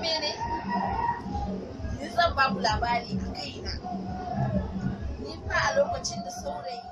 mene ni zan ba labari a kaina ni fa a lokacin da saurayi